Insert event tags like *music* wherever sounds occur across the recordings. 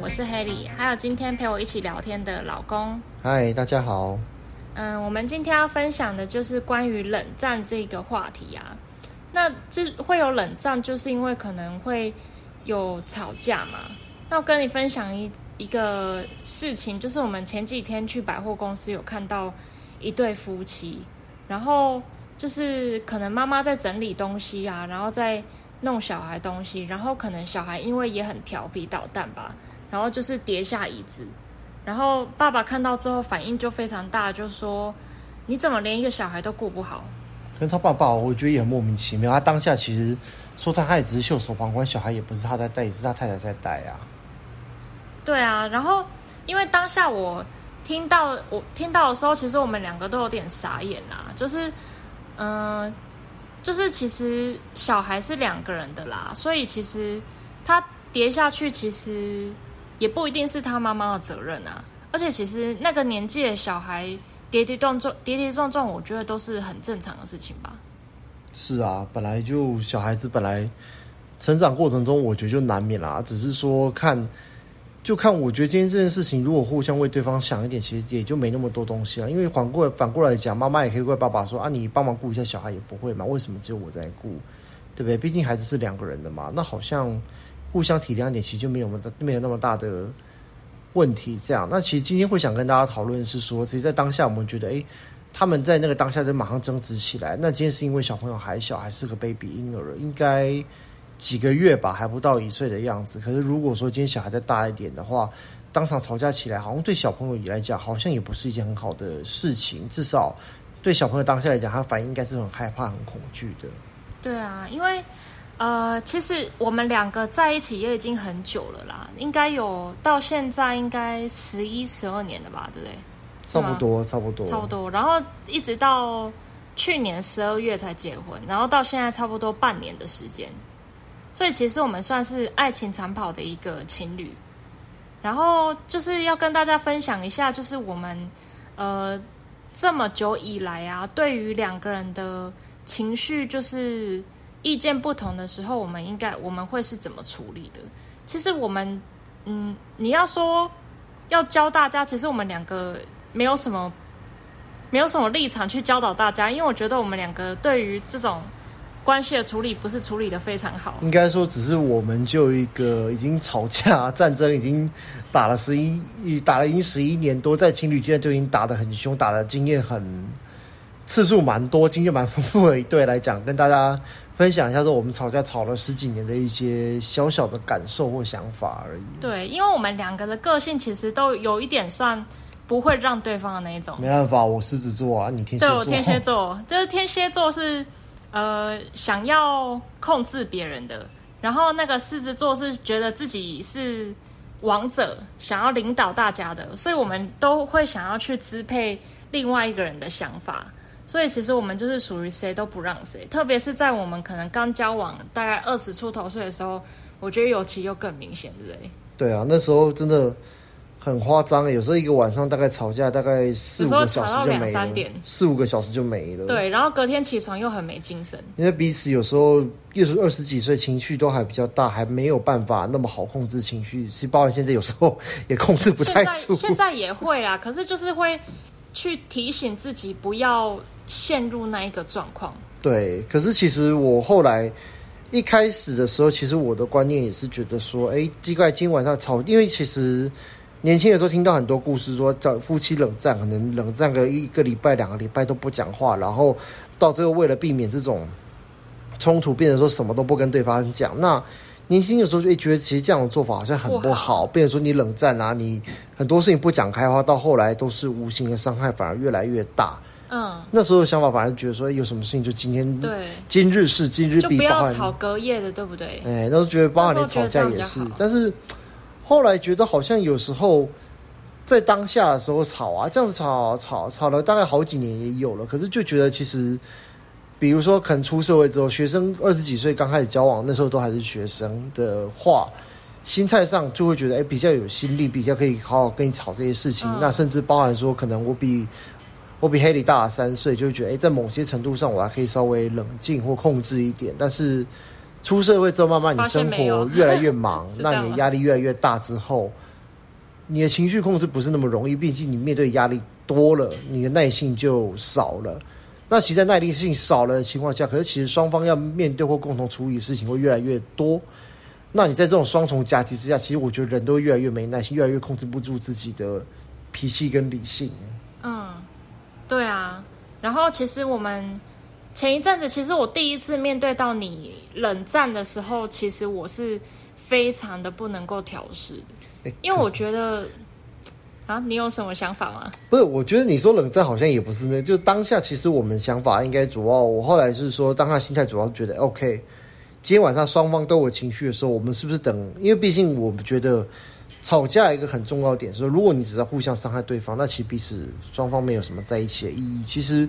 我是黑莉，還有今天陪我一起聊天的老公。嗨，大家好。嗯，我們今天要分享的就是關於冷戰這個話題啊。那這會有冷戰，就是因為可能會有吵架嘛。那我跟你分享一一個事情，就是我們前幾天去百貨公司，有看到一對夫妻，然後就是可能媽媽在整理東西啊，然後在弄小孩東西，然後可能小孩因為也很調皮搗蛋吧。然後就是跌下椅子，然後爸爸看到之後反應就非常大，就說：“你怎麼連一個小孩都顧不好？”可是他爸爸，我覺得也很莫名其妙。他當下其實說他他也只是袖手旁觀，小孩也不是他在帶，也是他太太在帶啊。對啊，然後因為當下我聽到我聽到的時候，其實我們兩個都有點傻眼啦。就是嗯、呃，就是其實小孩是兩個人的啦，所以其實他跌下去其實。也不一定是他媽媽的責任啊，而且其實那個年紀的小孩跌跌撞撞、跌跌撞撞，我覺得都是很正常的事情吧。是啊，本來就小孩子本來成長過程中，我覺得就難免啦。只是說看，就看，我覺得今天這件事情，如果互相為對方想一點，其實也就沒那麼多東西了。因為反過來反過來講，媽媽也可以怪爸爸說：“啊，你幫忙顧一下小孩也不會嘛？為什麼只有我在顧？對不對？畢竟孩子是兩個人的嘛。”那好像。互相體諒一點，其實就沒有沒有那麼大的問題。這樣，那其實今天會想跟大家討論是說，其實在當下我們覺得，誒，他們在那個當下就馬上爭執起來。那今天是因為小朋友還小，還是個 baby 嬰兒，應該幾個月吧，還不到一歲的樣子。可是如果說今天小孩再大一點的話，當場吵架起來，好像對小朋友來講，好像也不是一件很好的事情。至少對小朋友當下來講，他反應應該是很害怕、很恐懼的。對啊，因為。呃，其實我們兩個在一起也已經很久了啦，應該有到現在應該十一十二年了吧，對不對？差不多，是嗎？差不多，差不多。然後一直到去年十二月才結婚，然後到現在差不多半年的時間，所以其實我們算是愛情長跑的一個情侶。然後就是要跟大家分享一下，就是我們呃這麼久以來啊，對於兩個人的情緒就是。意見不同的時候，我們應該我們會是怎麼處理的？其實我們，嗯，你要說要教大家，其實我們兩個沒有什麼沒有什麼立場去教導大家，因為我覺得我們兩個對於這種關係的處理不是處理的非常好。應該說，只是我們就一個已經吵架戰爭已經打了十一打了已經十一年多，在情侶間就已經打得很凶，打的經驗很次數蠻多，經驗蠻豐富的一對來講，跟大家。分享一下，說我們吵架吵了十幾年的一些小小的感受或想法而已。對，因為我們兩個的個性其實都有一點算不會讓對方的那一種。沒辦法，我獅子座啊，你天蠍座。對，我天蠍座，就是天蠍座是呃想要控制別人的，然後那個獅子座是覺得自己是王者，想要領導大家的，所以我們都會想要去支配另外一個人的想法。所以其實我們就是屬於誰都不讓誰，特別是在我們可能剛交往大概二十出頭歲的時候，我覺得尤其又更明顯，對不對？對啊，那時候真的很誇張欸，有時候一個晚上大概吵架大概四五個小時就沒了，四五個小時就沒了。對，然後隔天起床又很沒精神，因為彼此有時候又是二十幾歲，情緒都還比較大，還沒有辦法那麼好控制情緒。其實包括現在有時候也控制不太住， *laughs* 現在也會啦，可是就是會去提醒自己不要陷入那一個狀況，對。可是其實我後來一開始的時候，其實我的觀念也是覺得說，哎，奇怪，今晚上吵，因為其實年輕的時候聽到很多故事說，說叫夫妻冷戰，可能冷戰個一個禮拜、兩個禮拜都不講話，然後到最後為了避免這種衝突，變成說什麼都不跟對方講。那年輕的時候就覺得，其實這樣的做法好像很不好，哇變成說你冷戰啊，你很多事情不講開話，到後來都是無形的傷害，反而越來越大。嗯，那時候想法反正覺得說、欸、有什麼事情就今天，對，今是，今日事今日畢，就不要吵隔夜的，對不對？哎、欸，那時候覺得，包含你吵架也是。但是後來覺得好像有時候在當下的時候吵啊，這樣子吵吵吵了大概好幾年也有了，可是就覺得其實，比如說可能出社會之後，學生二十幾歲剛開始交往，那時候都還是學生的話，心態上就會覺得哎、欸、比較有心力，比較可以好好跟你吵這些事情。嗯、那甚至包含說可能我比。我比黑里大了大三歲，就會覺得，哎，在某些程度上，我還可以稍微冷靜或控制一點。但是，出社會之後，慢慢你生活越來越忙， *laughs* 了那你的壓力越來越大之後，你的情緒控制不是那麼容易。畢竟你面對壓力多了，你的耐性就少了。那其實，在耐力性少了的情況下，可是其實雙方要面對或共同處理的事情會越來越多。那你在這種雙重夾擊之下，其實我覺得人都越來越沒耐心，越來越控制不住自己的脾氣跟理性。對啊，然後其實我們前一陣子，其實我第一次面對到你冷戰的時候，其實我是非常的不能夠調適的，誒因為我覺得可啊，你有什麼想法嗎？不是，我覺得你說冷戰好像也不是呢，就當下其實我們想法應該主要，我後來就是說，當他心態主要覺得 OK，今天晚上雙方都有情緒的時候，我們是不是等？因為畢竟我們覺得。吵架一個很重要點是說如果你只在互相傷害對方，那其實彼此雙方沒有什麼在一起的意義。其實，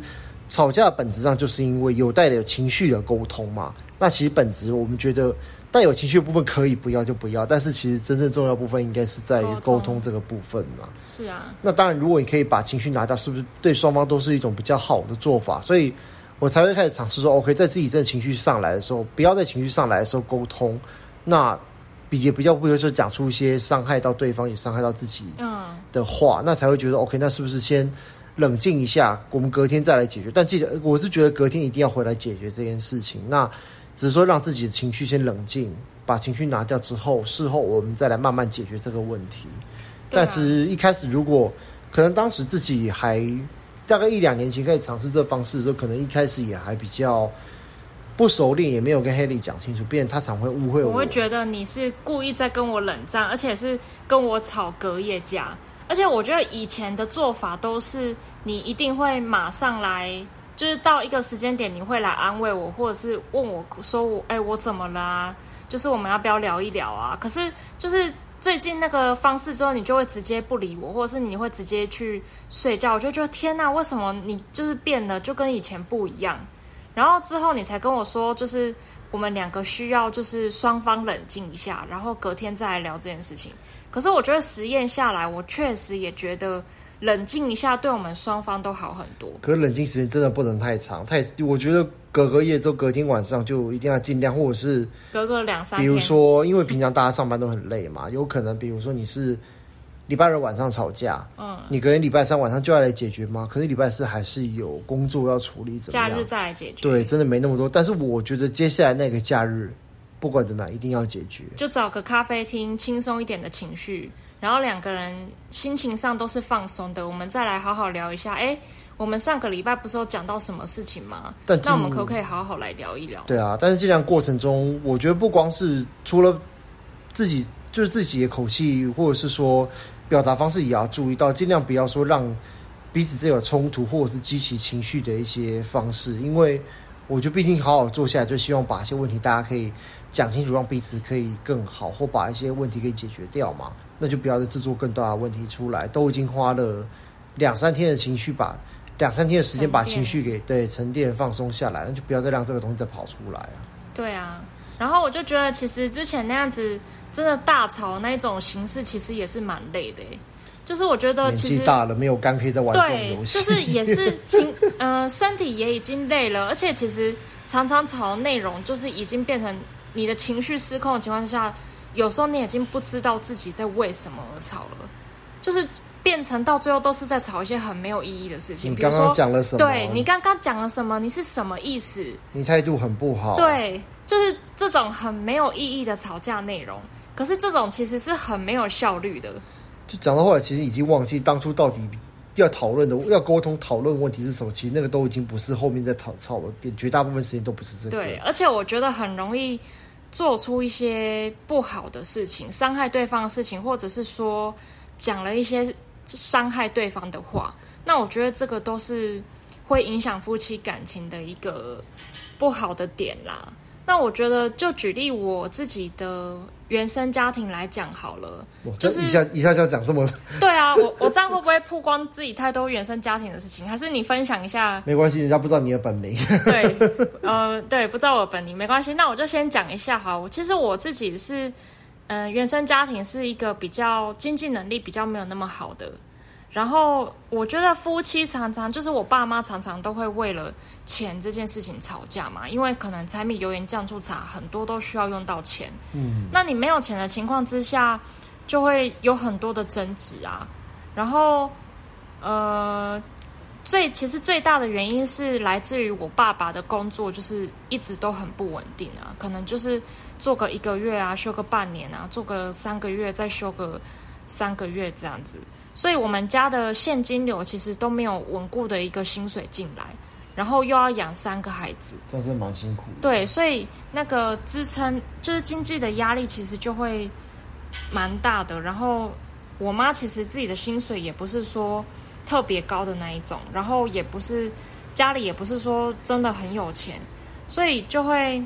吵架本質上就是因為有帶了情緒的溝通嘛。那其實本質我們覺得帶有情緒的部分可以不要就不要，但是其實真正重要部分應該是在於溝通這個部分嘛。是啊。那當然，如果你可以把情緒拿掉，是不是對雙方都是一種比較好的做法？所以我才會開始嘗試說，OK，在自己真的情緒上來的時候，不要在情緒上來的時候溝通。那。比也比較不會說講出一些傷害到對方也傷害到自己的話，嗯、那才會覺得 OK。那是不是先冷靜一下，我們隔天再來解決？但記得我是覺得隔天一定要回來解決這件事情。那只是說讓自己的情緒先冷靜，把情緒拿掉之後，事後我們再來慢慢解決這個問題。啊、但其實一開始如果可能，當時自己還大概一兩年前可以嘗試這方式的時候，可能一開始也還比較不熟練，也沒有跟黑莉講清楚，不然他常會誤會我。我會覺得你是故意在跟我冷戰，而且是跟我吵隔夜架。而且我覺得以前的做法都是你一定會馬上來，就是到一個時間點你會來安慰我，或者是問我說我，哎、欸、我怎麼了啊？就是我們要不要聊一聊啊？可是就是最近那個方式之後，你就會直接不理我，或者是你會直接去睡覺，我就覺得就天哪啊，為什麼你就是變了就跟以前不一樣？然後之後你才跟我說，就是我們兩個需要就是雙方冷靜一下，然後隔天再來聊這件事情。可是我覺得實驗下來，我確實也覺得冷靜一下對我們雙方都好很多。可是冷靜時間真的不能太長，太我覺得隔隔夜之後，就隔天晚上就一定要盡量，或者是隔個兩三。比如說，因為平常大家上班都很累嘛，有可能比如說你是。禮拜二晚上吵架，嗯，你隔天禮拜三晚上就要來解決嗎？可是禮拜四還是有工作要處理，怎麼樣？假日再來解決？對，真的沒那麼多。但是我覺得接下來那個假日，不管怎麼樣，一定要解決。就找個咖啡廳，輕鬆一點的情緒，然後兩個人心情上都是放鬆的，我們再來好好聊一下。哎、欸，我們上個禮拜不是有講到什麼事情嗎？這那我們可不可以好好來聊一聊？對啊，但是這段過程中，我覺得不光是除了自己，就是自己的口氣，或者是說。表達方式也要注意到，儘量不要說讓彼此之間，有衝突或者是激起情緒的一些方式，因為我就畢竟好好坐下來，就希望把一些問題大家可以講清楚，讓彼此可以更好，或把一些問題可以解決掉嘛。那就不要再製造更大的問題出來，都已經花了兩三天的情緒，把兩三天的時間把情緒給沉澱。對，沉澱放鬆下來，那就不要再讓這個東西再跑出來啊。對啊。然後我就覺得，其實之前那樣子真的大吵那一種形式，其實也是蠻累的。就是我覺得年紀大了沒有肝可以在玩這種東西，就是也是情呃，身體也已經累了，而且其實常常吵的內容，就是已經變成你的情緒失控的情況下，有時候你已經不知道自己在為什麼而吵了，就是變成到最後都是在吵一些很沒有意義的事情。你剛剛講了什麼？對，你剛剛講了什麼？你是什麼意思？你態度很不好。對。就是這種很沒有意義的吵架內容，可是這種其實是很沒有效率的。就講到後來，其實已經忘記當初到底要討論的、要溝通討論問題是什麼。其實那個都已經不是後面在討吵的點，絕大部分時間都不是這樣。對，而且我覺得很容易做出一些不好的事情，傷害對方的事情，或者是說講了一些傷害對方的話，那我覺得這個都是會影響夫妻感情的一個不好的點啦。那我覺得，就舉例我自己的原生家庭來講好了，就是一下一下就講這麼。對啊，我我這樣會不會曝光自己太多原生家庭的事情？還是你分享一下？沒關係，人家不知道你的本名。對，呃，對，不知道我本名沒關係。那我就先講一下哈，我其實我自己是，嗯，原生家庭是一個比較經濟能力比較沒有那麼好的。然後我覺得夫妻常常就是我爸媽常常都會為了錢這件事情吵架嘛，因為可能柴米油鹽醬醋茶很多都需要用到錢。嗯，那你沒有錢的情況之下，就會有很多的爭執啊。然後，呃，最其實最大的原因是來自於我爸爸的工作就是一直都很不穩定啊，可能就是做個一個月啊，休個半年啊，做個三個月再休個三個月這樣子。所以，我們家的現金流其實都沒有穩固的一個薪水進來，然後又要養三個孩子，這是蠻辛苦。對，所以那個支撐就是經濟的壓力，其實就會蠻大的。然後，我媽其實自己的薪水也不是說特別高的那一種，然後也不是家裡也不是說真的很有錢，所以就會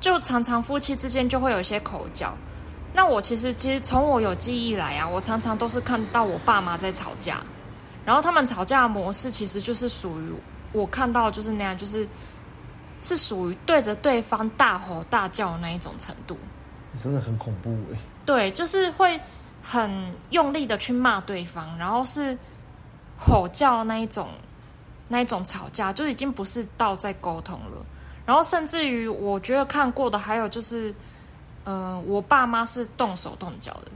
就常常夫妻之間就會有一些口角。那我其實其實從我有記憶來啊，我常常都是看到我爸媽在吵架，然後他們吵架的模式其實就是屬於我看到就是那樣，就是是屬於對着對方大吼大叫的那一種程度。欸，真的很恐怖哎，欸。對，就是會很用力的去罵對方，然後是吼叫那一種，那一種吵架就已經不是到在溝通了。然後甚至於我覺得看過的還有就是。呃，我爸媽是動手動腳的，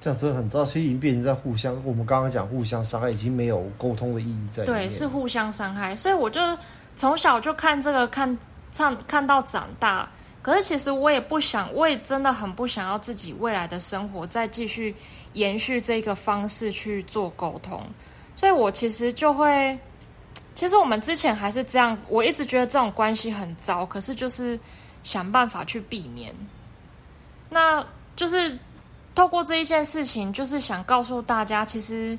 這樣真的很糟。其實已經變成在互相，我們剛剛講互相傷害，已經沒有溝通的意義在。對，是互相傷害，所以我就從小就看這個，看看看到長大。可是其實我也不想，我也真的很不想要自己未來的生活再繼續延續這個方式去做溝通。所以，我其實就會，其實我們之前還是這樣，我一直覺得這種關係很糟，可是就是想辦法去避免。那就是透過這一件事情，就是想告訴大家，其實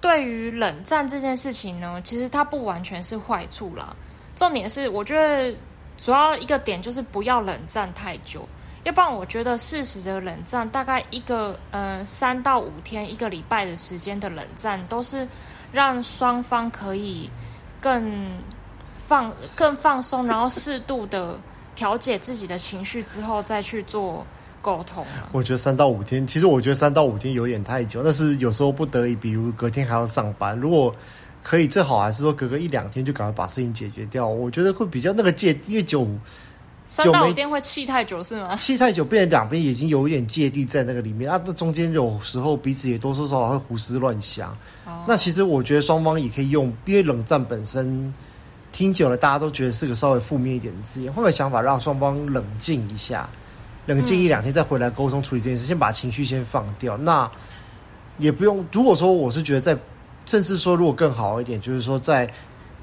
對於冷戰這件事情呢，其實它不完全是壞處啦。重點是，我覺得主要一個點就是不要冷戰太久，要不然我覺得適時的冷戰，大概一個嗯、呃、三到五天一個禮拜的時間的冷戰，都是讓雙方可以更放更放鬆，然後適度的調節自己的情緒之後，再去做，溝通、啊、我覺得三到五天，其實我覺得三到五天有點太久，但是有時候不得已，比如隔天還要上班，如果可以，最好還是說隔個一兩天就趕快把事情解決掉。我覺得會比較那個芥蒂，因為久三到五天會氣太久是嗎？氣太久，變得兩邊已經有一點芥蒂在那個裡面啊。那中間有時候彼此也多多少少會胡思亂想。哦、那其實我覺得雙方也可以用，因為冷戰本身聽久了，大家都覺得是個稍微負面一點的字眼，會不會想法讓雙方冷靜一下？冷靜一兩天再回來溝通處理這件事，先把情緒先放掉。那也不用。如果說我是覺得，在甚至說如果更好一點，就是說在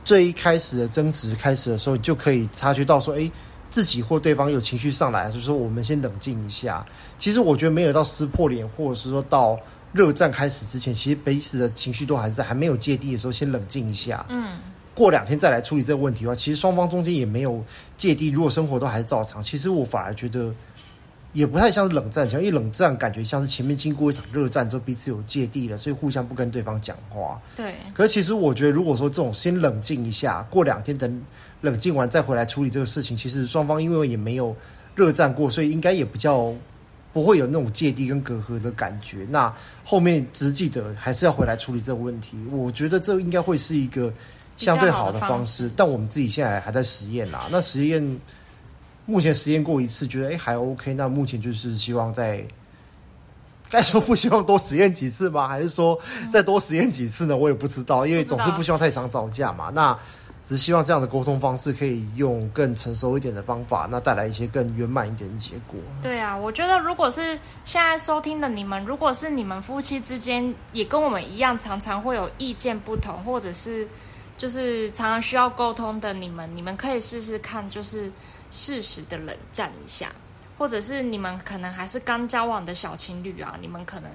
最一開始的爭執開始的時候，你就可以察覺到說，哎，自己或對方有情緒上來，就是說我們先冷靜一下。其實我覺得沒有到撕破臉，或者是說到熱戰開始之前，其實彼此的情緒都還在還沒有芥蒂的時候，先冷靜一下。嗯，過兩天再來處理這個問題的話，其實雙方中間也沒有芥蒂，如果生活都還是照常，其實我反而覺得。也不太像是冷戰，像一冷戰感覺像是前面經過一場熱戰之後彼此有芥蒂了，所以互相不跟對方講話。對。可是其實我覺得，如果說這種先冷靜一下，過兩天等冷靜完再回來處理這個事情，其實雙方因為也沒有熱戰過，所以應該也比較不會有那種芥蒂跟隔閡的感覺。那後面只記得還是要回來處理這個問題，我覺得這應該會是一個相對好的方式。比較好的方式。但我們自己現在還在實驗啦，那實驗。目前實驗過一次，覺得哎、欸、還 OK。那目前就是希望再，該說不希望多實驗幾次嗎？還是說再多實驗幾次呢？嗯、我也不知道，因為總是不希望太常吵架嘛。那只希望這樣的溝通方式可以用更成熟一點的方法，那帶來一些更圓滿一點的結果。對啊，我覺得如果是現在收聽的你們，如果是你們夫妻之間也跟我們一樣，常常會有意見不同，或者是就是常常需要溝通的你們，你們可以試試看，就是。適時的冷戰一下，或者是你們可能還是剛交往的小情侶啊，你們可能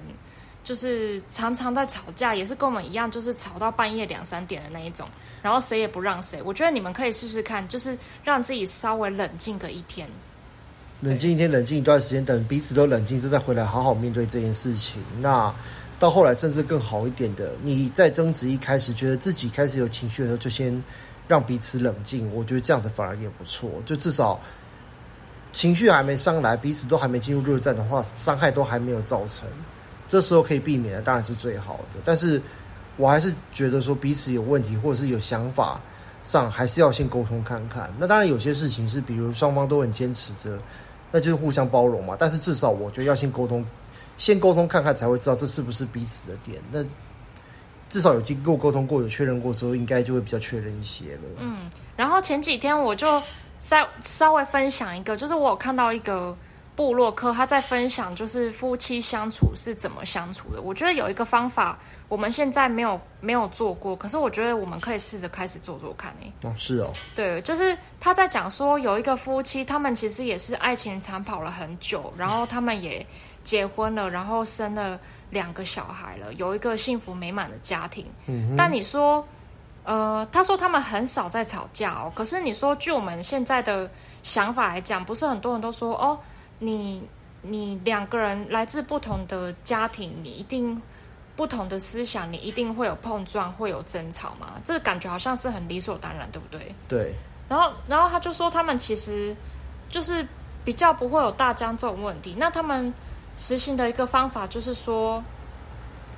就是常常在吵架，也是跟我們一樣，就是吵到半夜兩三點的那一種，然後誰也不讓誰。我覺得你們可以試試看，就是讓自己稍微冷靜個一天，冷靜一天，冷靜一段時間，等彼此都冷靜之後再回來好好面對這件事情。那到後來甚至更好一點的，你在爭執一開始覺得自己開始有情緒的時候，就先。讓彼此冷靜，我覺得這樣子反而也不錯。就至少情緒還沒上來，彼此都還沒進入熱戰的話，傷害都還沒有造成，這時候可以避免的當然是最好的。但是我還是覺得說彼此有問題，或者是有想法上，還是要先溝通看看。那當然有些事情是，比如雙方都很堅持的，那就是互相包容嘛。但是至少我覺得要先溝通，先溝通看看，才會知道這是不是彼此的點。那。至少有經過溝通過，有確認過之後，應該就會比較確認一些了。嗯，然後前幾天我就在稍稍微分享一個，就是我有看到一個部落客他在分享，就是夫妻相處是怎麼相處的。我覺得有一個方法，我們現在沒有沒有做過，可是我覺得我們可以試着開始做做看欸。哎，哦，是哦，對，就是他在講說有一個夫妻，他們其實也是愛情長跑了很久，然後他們也結婚了， *laughs* 然後生了。兩個小孩了，有一個幸福美滿的家庭。嗯哼。但你說，呃，他說他們很少在吵架哦。可是你說，據我們現在的想法來講，不是很多人都說哦，你你兩個人來自不同的家庭，你一定不同的思想，你一定會有碰撞，會有爭吵嘛？這個感覺好像是很理所當然，對不對？對。然後，然後他就說，他們其實就是比較不會有大疆這種問題。那他們。實行的一個方法就是說，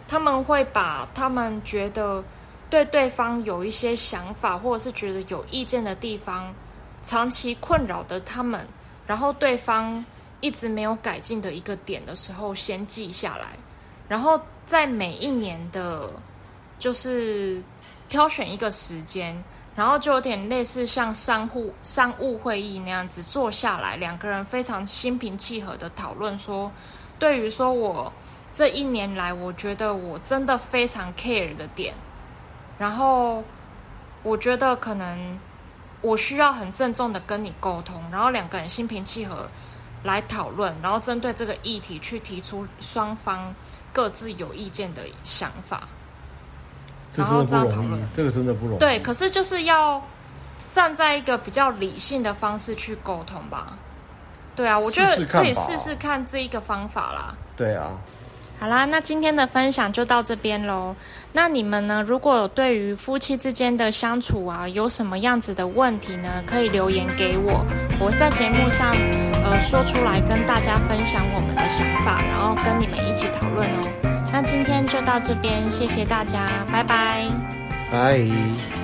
他們會把他們覺得對對方有一些想法，或者是覺得有意見的地方，長期困擾的他們，然後對方一直沒有改進的一個點的時候，先記下來，然後在每一年的，就是挑選一個時間，然後就有點類似像商戶商務會議那樣子坐下來，兩個人非常心平氣和地討論說。對於說我，我這一年來，我覺得我真的非常 care 的點，然後我覺得可能我需要很鄭重的跟你溝通，然後兩個人心平氣和來討論，然後針對這個議題去提出雙方各自有意見的想法。這，然後這樣討論，這個真的不容易。對，可是就是要站在一個比較理性的方式去溝通吧。對啊，我覺得可以試試看這一個方法啦。對啊，好啦，那今天的分享就到這邊嘍。那你們呢，如果有對於夫妻之間的相處啊，有什麼樣子的問題呢，可以留言給我，我會在節目上呃說出來跟大家分享我們的想法，然後跟你們一起討論哦。那今天就到這邊，謝謝大家，拜拜，拜。